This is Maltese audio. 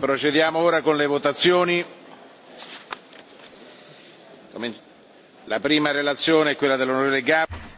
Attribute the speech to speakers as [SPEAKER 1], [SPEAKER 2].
[SPEAKER 1] Procediamo, ora con le votazioni. La prima relazione è quella dell'onorevole Gab.